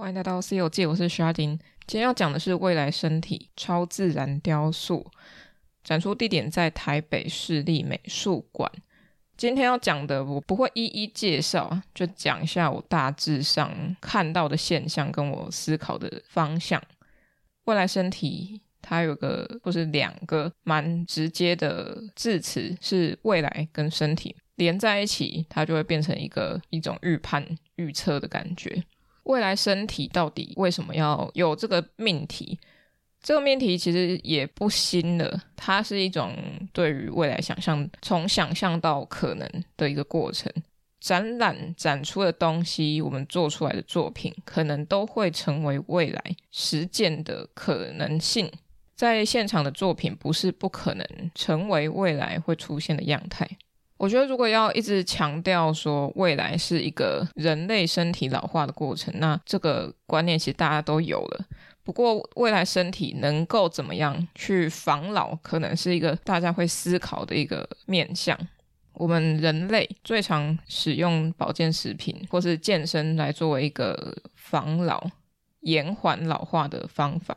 歡迎來到 C 遊記，我是 Chardin。今天要講的是未來身體超自然雕塑，展出地點在台北市立美術館。今天要講的我不會一一介紹，就講一下我大致上看到的現象跟我思考的方向。未來身體它有個或是兩個蠻直接的字詞是未來跟身體連在一起，它就會變成一個一種預判預測的感覺。未來身體到底為什麼要有這個命題？這個命題其實也不新了，它是一種對於未來想象，從想象到可能的一個過程。展覽展出的東西，我們做出來的作品，可能都會成為未來實踐的可能性。在現場的作品，不是不可能成為未來會出現的樣態。我覺得，如果要一直強調說未來是一個人類身體老化的過程，那這個觀念其實大家都有了。不過，未來身體能夠怎麼樣去防老，可能是一個大家會思考的一個面向。我們人類最常使用保健食品或是健身來作為一個防老、延緩老化的方法。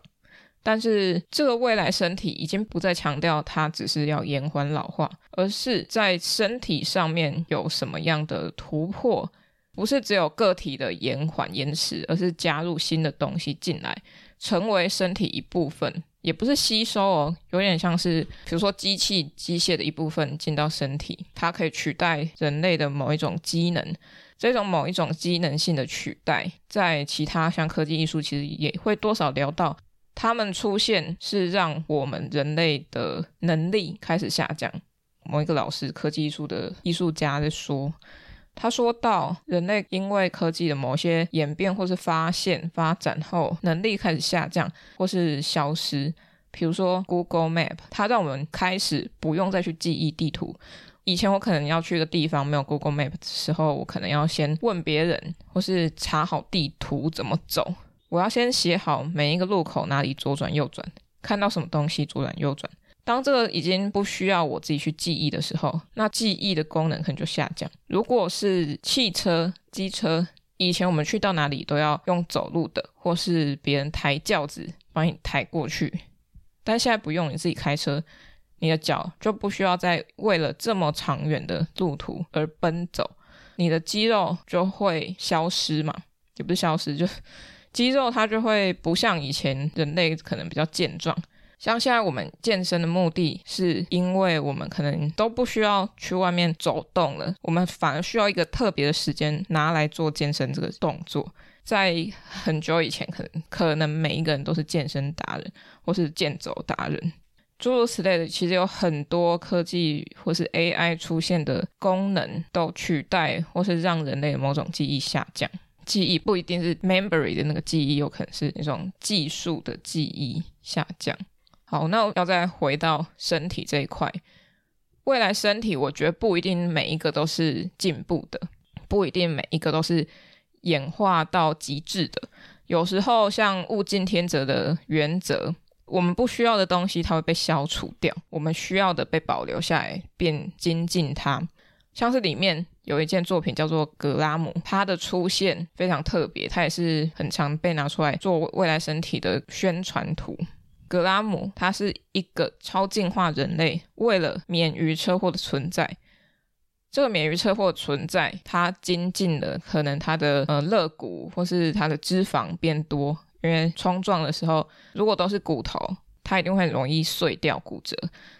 但是，這個未來身體已經不再強調它只是要延緩老化，而是在身體上面有什麼樣的突破，不是只有個體的延緩延遲，而是加入新的東西進來，成為身體一部分，也不是吸收哦，有點像是比如說機器機械的一部分進到身體，它可以取代人類的某一種機能，這種某一種機能性的取代，在其他像科技藝術，其實也會多少聊到。他們出現是讓我們人類的能力開始下降。某一個老師，科技藝術的藝術家在說，他說到人類因為科技的某些演變或是發現發展後，能力開始下降或是消失。比如說 Google Map，它讓我們開始不用再去記憶地圖。以前我可能要去的地方沒有 Google Map 的時候，我可能要先問別人或是查好地圖怎麼走。我要先寫好每一個路口哪裡左轉右轉，看到什麼東西左轉右轉。當這個已經不需要我自己去記憶的時候，那記憶的功能可能就下降。如果是汽車、機車，以前我們去到哪裡都要用走路的，或是別人抬轎子幫你抬過去，但現在不用，你自己開車，你的腳就不需要再為了這麼長遠的路途而奔走，你的肌肉就會消失嘛？也不是消失，就。肌肉它就會不像以前人類可能比較健壯，像現在我們健身的目的是因為我們可能都不需要去外面走動了，我們反而需要一個特別的時間拿來做健身這個動作。在很久以前，可能可能每一個人都是健身達人或是健走達人，諸如此類的。其實有很多科技或是 AI 出現的功能都取代或是讓人類的某種記憶下降。記憶不一定是 memory 的那個記憶，有可能是那種技術的記憶下降。好，那我要再回到身體這一塊，未來身體我覺得不一定每一個都是進步的，不一定每一個都是演化到極致的。有時候像物競天擇的原則，我們不需要的東西它會被消除掉，我們需要的被保留下來，並精進它。像是裡面。有一件作品叫做格拉姆，它的出現非常特別，它也是很常被拿出來做未來身體的宣傳圖。格拉姆他是一個超進化人類，為了免於車禍的存在，這個免於車禍的存在，他精進了，可能他的呃肋骨或是他的脂肪變多，因為衝撞的時候，如果都是骨頭，它一定會很容易碎掉骨折，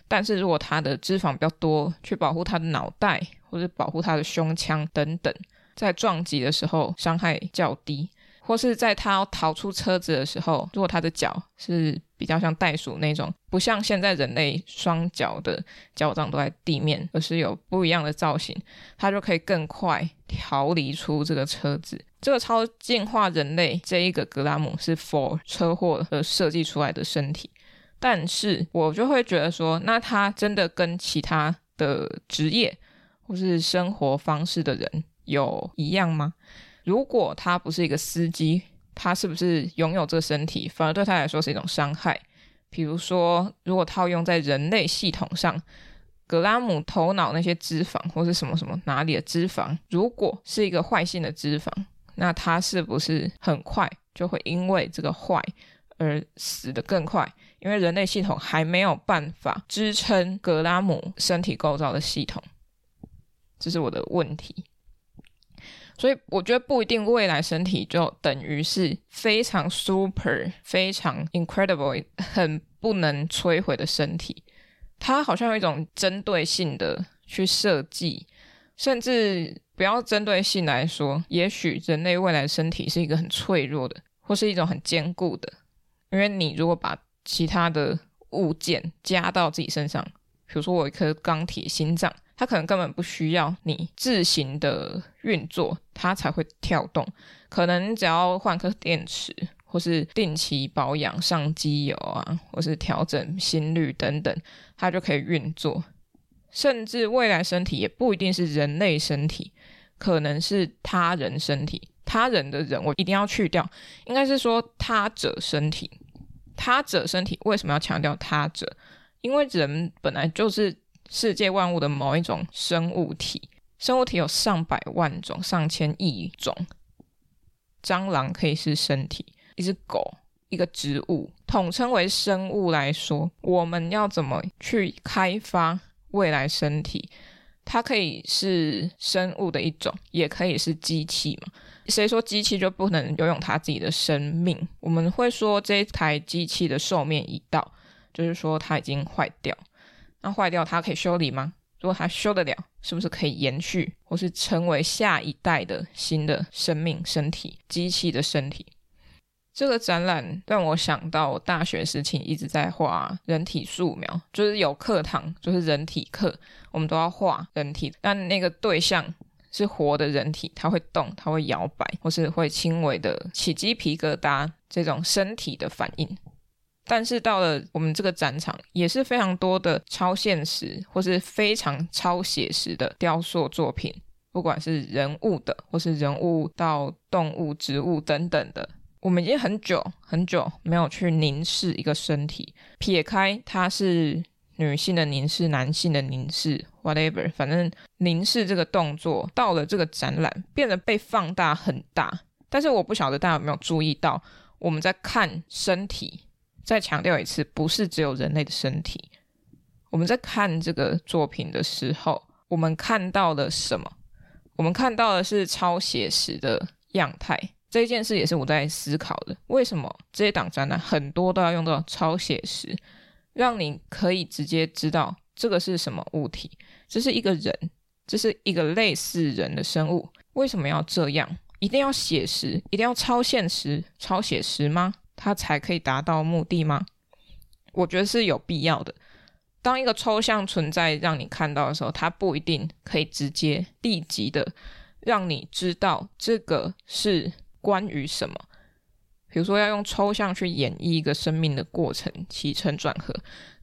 但是如果它的脂肪比較多，去保護他的腦袋。或是保護他的胸腔等等，在撞擊的時候傷害較低，或是在他逃出車子的時候，如果他的腳是比較像袋鼠那種，不像現在人類雙腳的腳掌都在地面，而是有不一樣的造型，他就可以更快逃離出這個車子。這個超進化人類這一個格拉姆是 for 車禍而設計出來的身體，但是我就會覺得說，那他真的跟其他的職業或是生活方式的人有一樣嗎？如果他不是一個司機，他是不是擁有這身體，反而對他來說是一種傷害？比如說，如果套用在人類系統上，格拉姆頭腦那些脂肪或是什麼什麼，哪裡的脂肪，如果是一個壞性的脂肪，那他是不是很快就會因為這個壞而死得更快？因為人類系統還沒有辦法支撐格拉姆身體構造的系統。這是我的問題，所以我覺得不一定未來身體就等於是非常 super、非常 incredible、很不能摧毀的身體。它好像有一種針對性的去設計，甚至不要針對性來說，也許人類未來身體是一個很脆弱的，或是一種很堅固的。因為你如果把其他的物件加到自己身上，比如說我一顆鋼鐵心臟。它可能根本不需要你自行的運作，它才會跳動。可能你只要換顆電池，或是定期保養、上機油啊，或是調整心率等等，它就可以運作。甚至未來身體也不一定是人類身體，可能是他人身體。他人的人我一定要去掉，應該是說他者身體。他者身體為什麼要強調他者？因為人本來就是。世界萬物的某一種生物體，生物體有上百萬種、上千億種。蟑螂可以是身體，一只狗，一個植物，統稱為生物來說，我們要怎麼去開發未來身體？它可以是生物的一種，也可以是機器嘛。誰說機器就不能擁有它自己的生命？我們會說這一台機器的壽命已到，就是說它已經壞掉。那壞掉，它可以修理嗎？如果它修得了，是不是可以延續，或是成為下一代的新的生命身體、機器的身體？這個展覽讓我想到我大學時期一直在畫人體素描，就是有課堂，就是人體課，我們都要畫人體。但那個對象是活的人體，它會動，它會搖擺，或是會輕微的起雞皮疙瘩這種身體的反應。但是到了我們這個展場，也是非常多的超現實或是非常超寫實的雕塑作品，不管是人物的，或是人物到動物、植物等等的。我們已經很久很久沒有去凝視一個身體，撇開它是女性的凝視、男性的凝視，whatever，反正凝視這個動作到了這個展覽，變得被放大很大。但是我不曉得大家有沒有注意到，我們在看身體。再強調一次，不是只有人類的身體。我們在看這個作品的時候，我們看到了什麼？我們看到的是超寫實的樣態。這一件事也是我在思考的：為什麼這些檔展覽很多都要用到超寫實，讓你可以直接知道這個是什麼物體？這是一個人，這是一個類似人的生物。為什麼要這樣？一定要寫實，一定要超現實、超寫實嗎？它才可以達到目的嗎？我覺得是有必要的。當一個抽象存在讓你看到的時候，它不一定可以直接立即的讓你知道這個是關於什麼。比如說，要用抽象去演繹一個生命的過程，起承轉合，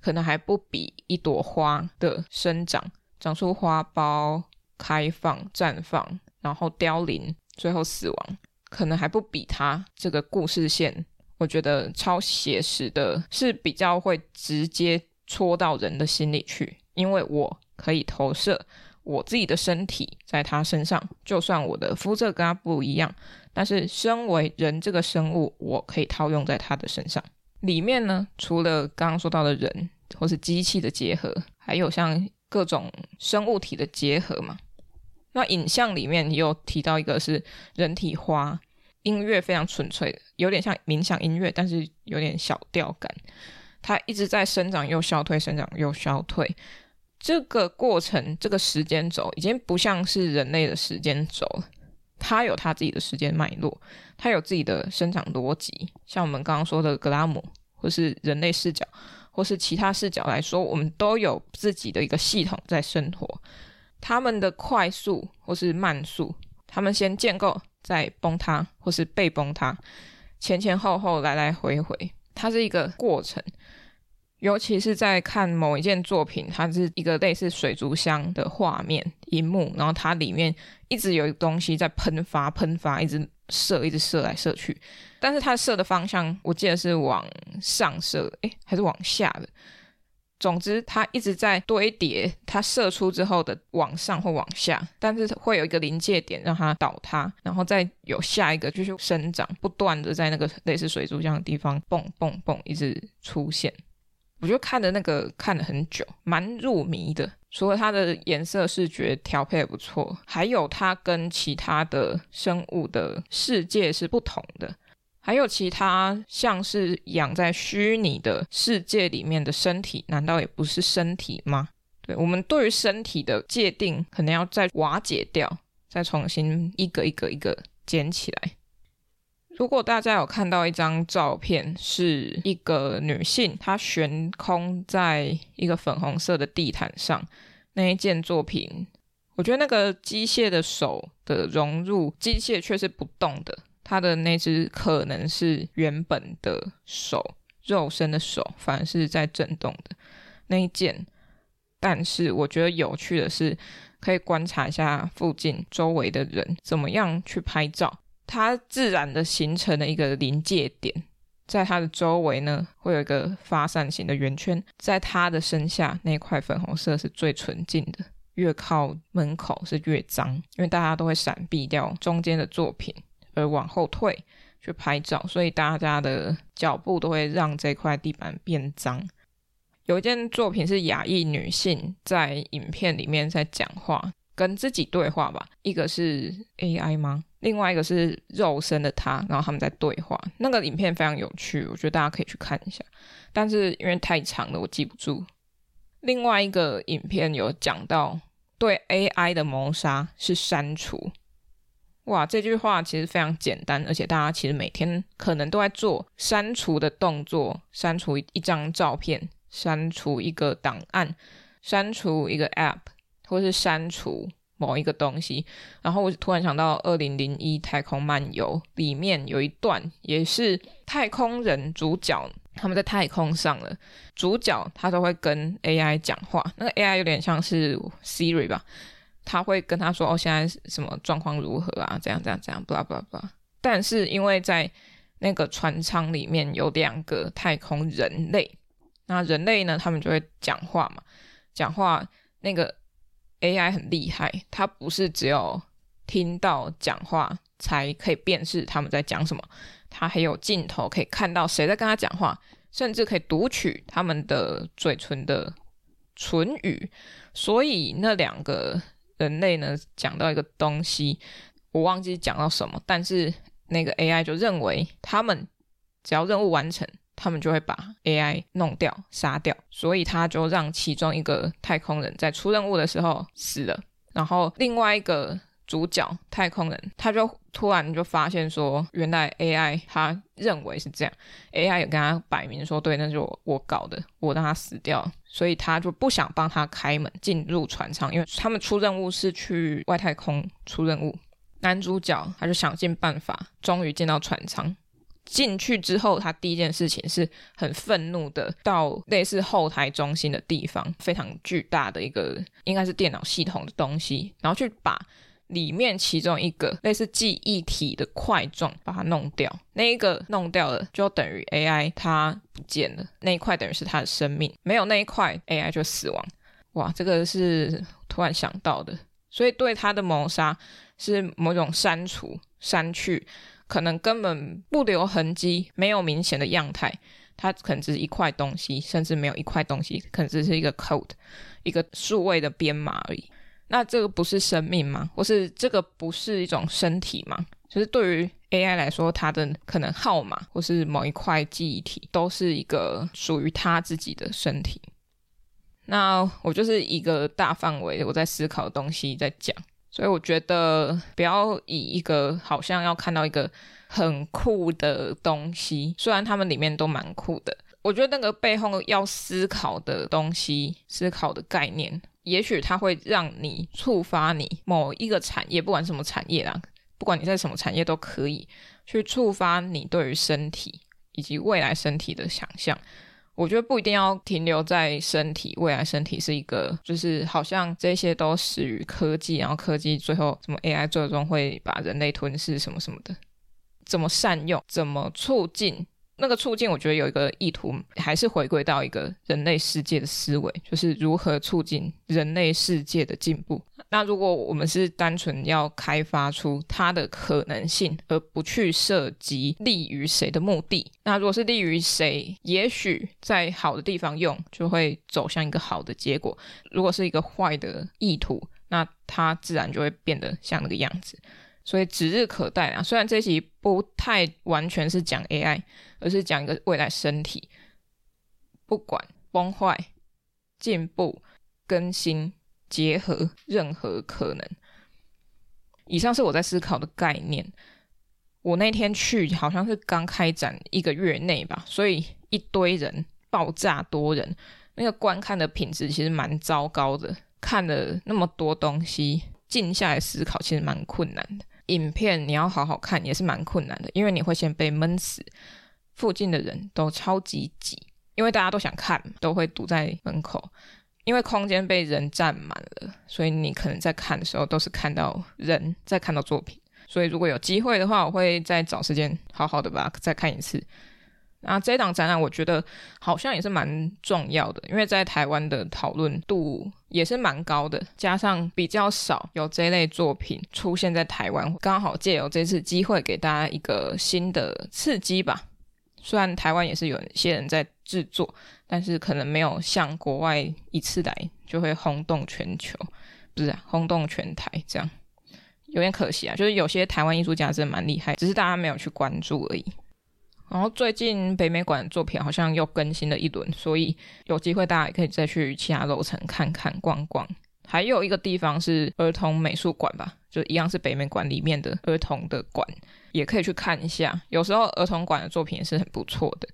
可能還不比一朵花的生長，長出花苞、開放、綻放，然後凋零，最後死亡，可能還不比它這個故事線。我覺得超寫實的，是比較會直接戳到人的心裡去，因為我可以投射我自己的身體在他身上，就算我的膚色跟他不一樣，但是身為人這個生物，我可以套用在他的身上。裡面呢，除了剛剛說到的人或是機器的結合，還有像各種生物體的結合嘛。那影像裡面又提到一個是人體花。音樂非常純粹的，有點像冥想音樂，但是有點小調感。它一直在生長又消退，生長又消退。這個過程，這個時間軸已經不像是人類的時間軸，它有它自己的時間脈絡，它有自己的生長邏輯。像我們剛剛說的格拉姆，或是人類視角，或是其他視角來說，我們都有自己的一個系統在生活。他們的快速或是慢速，他們先建構。在崩塌或是被崩塌，前前後後來來回回，它是一個過程。尤其是在看某一件作品，它是一個類似水族箱的畫面、熒幕，然後它裡面一直有一個東西在噴發、噴發，一直射、一直射來射去，但是它射的方向，我記得是往上射，誒，還是往下的？總之，它一直在堆疊，它射出之後的往上或往下，但是會有一個臨界點讓它倒塌，然後再有下一個繼續生長，不斷的在那個類似水族這樣的地方蹦蹦蹦，一直出現。我就看的那個看了很久，蠻入迷的。除了它的顏色視覺調配也不錯，還有它跟其他的生物的世界是不同的。還有其他像是養在虛擬的世界裡面的身體，難道也不是身體嗎？對，我們對於身體的界定，可能要再瓦解掉，再重新一個一個一個撿起來。如果大家有看到一張照片，是一個女性，她懸空在一個粉紅色的地毯上，那一件作品，我覺得那個機械的手的融入，機械卻是不動的。他的那隻可能是原本的手，肉身的手，反而是在震動的那一件。但是我覺得有趣的是，可以觀察一下附近周圍的人怎麼樣去拍照。它自然的形成了一個臨界點，在它的周圍呢，會有一個發散型的圓圈。在它的身下那塊粉紅色是最純淨的，越靠門口是越髒，因為大家都會閃避掉中間的作品。而往後退去拍照，所以大家的腳步都會讓這塊地板變髒。有一件作品是亞裔女性在影片裡面在講話，跟自己對話吧。一個是 AI 嗎？另外一個是肉身的她，然後他們在對話。那個影片非常有趣，我覺得大家可以去看一下。但是因為太長了，我記不住。另外一個影片有講到對 AI 的謀殺是刪除。哇，這句話其實非常簡單，而且大家其實每天可能都在做刪除的動作，刪除一張照片，刪除一個檔案，刪除一個 app，或是刪除某一個東西。然後我突然想到《二零零一太空漫遊》裡面有一段，也是太空人主角他們在太空上了，主角他都會跟 AI 講話，那個 AI 有點像是 Siri 吧。他會跟他說：“哦，現在什麼狀況如何啊？這樣、這樣、這樣，blah blah blah。但是因為在那個船艙裡面有兩個太空人類，那人類呢，他們就會講話嘛，講話。那個 AI 很厲害，它不是只有聽到講話才可以辨識他們在講什麼，它還有鏡頭可以看到誰在跟他講話，甚至可以讀取他們的嘴唇的唇語，所以那兩個人類呢，講到一個東西，我忘記講到什麼，但是那個 AI 就認為他們只要任務完成，他們就會把 AI 弄掉、殺掉，所以他就讓其中一個太空人在出任務的時候死了，然後另外一個。主角太空人，他就突然就發現說，原來 AI 他認為是這樣，AI 也跟他擺明說對，那是我我搞的，我讓他死掉，所以他就不想幫他開門進入船艙，因為他們出任務是去外太空出任務。男主角他就想盡辦法，終於進到船艙，進去之後，他第一件事情是很憤怒的，到類似後台中心的地方，非常巨大的一個應該是電腦系統的東西，然後去把。裡面其中一個類似記憶體的塊狀，把它弄掉，那一個弄掉了就等於 AI 它不見了，那一塊等於是它的生命，沒有那一塊 AI 就死亡。哇，這個是突然想到的，所以對它的謀殺是某種刪除、刪去，可能根本不留痕跡，沒有明顯的樣態，它可能只是一塊東西，甚至沒有一塊東西，可能只是一個 code，一個數位的編碼而已。那這個不是生命嗎？或是這個不是一種身體嗎？就是對於 AI 來說，它的可能號碼或是某一塊記憶體，都是一個屬於它自己的身體。那我就是一個大範圍我在思考的東西在講，所以我覺得不要以一個好像要看到一個很酷的東西，雖然他們裡面都蠻酷的。我覺得那個背後要思考的東西，思考的概念，也許它會讓你觸發你某一個產業，不管什麼產業啦，不管你在什麼產業都可以去觸發你對於身體以及未來身體的想象。我覺得不一定要停留在身體，未來身體是一個，就是好像這些都始於科技，然後科技最後什麼 AI 最終會把人類吞噬什麼什麼的，怎麼善用，怎麼促進。那個促進，我覺得有一個意圖，還是回歸到一個人類世界的思維，就是如何促進人類世界的進步。那如果我們是單純要開發出它的可能性，而不去涉及利於誰的目的，那如果是利於誰，也許在好的地方用，就會走向一個好的結果。如果是一個壞的意圖，那它自然就會變得像那個樣子。所以指日可待啦。雖然這一集不太完全是講 AI。而是講一個未來身體，不管崩壞、進步、更新、結合任何可能。以上是我在思考的概念。我那天去好像是剛開展一個月內吧，所以一堆人爆炸，多人，那個觀看的品質其實蠻糟糕的。看了那麼多東西，靜下來思考其實蠻困難的。影片你要好好看也是蠻困難的，因為你會先被悶死。附近的人都超級擠，因為大家都想看，都會堵在門口，因為空間被人占滿了，所以你可能在看的時候都是看到人，再看到作品。所以如果有機會的話，我會再找時間好好的把它再看一次。那這檔展覽我覺得好像也是蠻重要的，因為在台灣的討論度也是蠻高的，加上比較少有這類作品出現在台灣，剛好借由這次機會給大家一個新的刺激吧。雖然台灣也是有一些人在製作，但是可能沒有像國外一次來就會轟動全球，不是啊、轟動全台這樣，有點可惜啊。就是有些台灣藝術家真的蠻厲害，只是大家沒有去關注而已。然後最近北美館的作品好像又更新了一輪，所以有機會大家也可以再去其他樓層看看逛逛。還有一個地方是兒童美術館吧，就一樣是北美館裡面的兒童的館。也可以去看一下，有時候兒童館的作品也是很不錯的。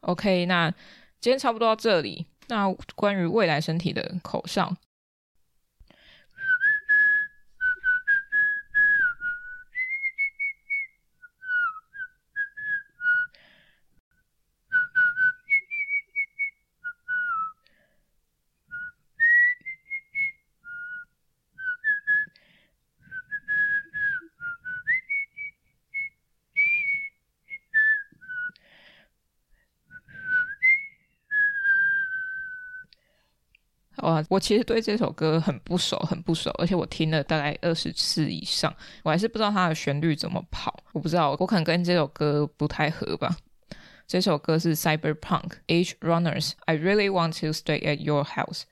OK，那今天差不多到這裡。那關於未來身體的口上，我我其實對這首歌很不熟，很不熟，而且我聽了大概二十次以上，我還是不知道它的旋律怎麼跑。我不知道，我可能跟這首歌不太合吧。這首歌是 Cyberpunk Edgerunners，I really want to stay at your house。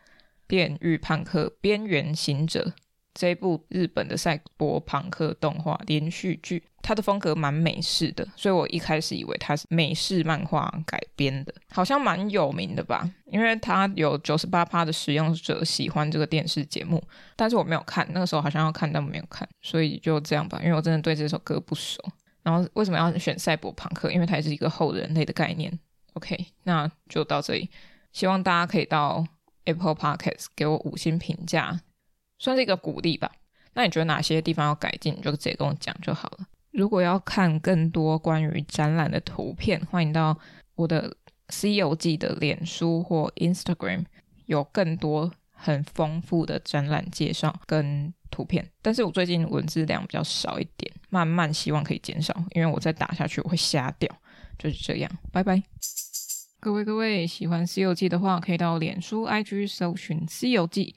電馭叛客，邊緣行者。這一部日本的賽博朋克動畫連續劇，它的風格蠻美式的，所以我一開始以為它是美式漫畫改編的，好像蠻有名的吧，因為它有九十八趴的使用者喜歡這個電視節目，但是我沒有看，那個時候好像要看，但我沒有看，所以就這樣吧，因為我真的對這首歌不熟。然後為什麼要選賽博朋克？因為它也是一個後人類的概念。OK，那就到這裡，希望大家可以到 Apple Podcast 給我五星評價。算是一個鼓勵吧。那你覺得哪些地方要改進，你就直接跟我講就好了。如果要看更多關於展覽的圖片，歡迎到我的《C 遊記》的臉書或 Instagram，有更多很豐富的展覽介紹跟圖片。但是我最近文字量比較少一點，慢慢希望可以減少，因為我再打下去我會瞎掉。就是這樣，拜拜。各位各位，喜歡《C 遊記》的話，可以到臉書 IG 搜尋、COG《C 遊記》。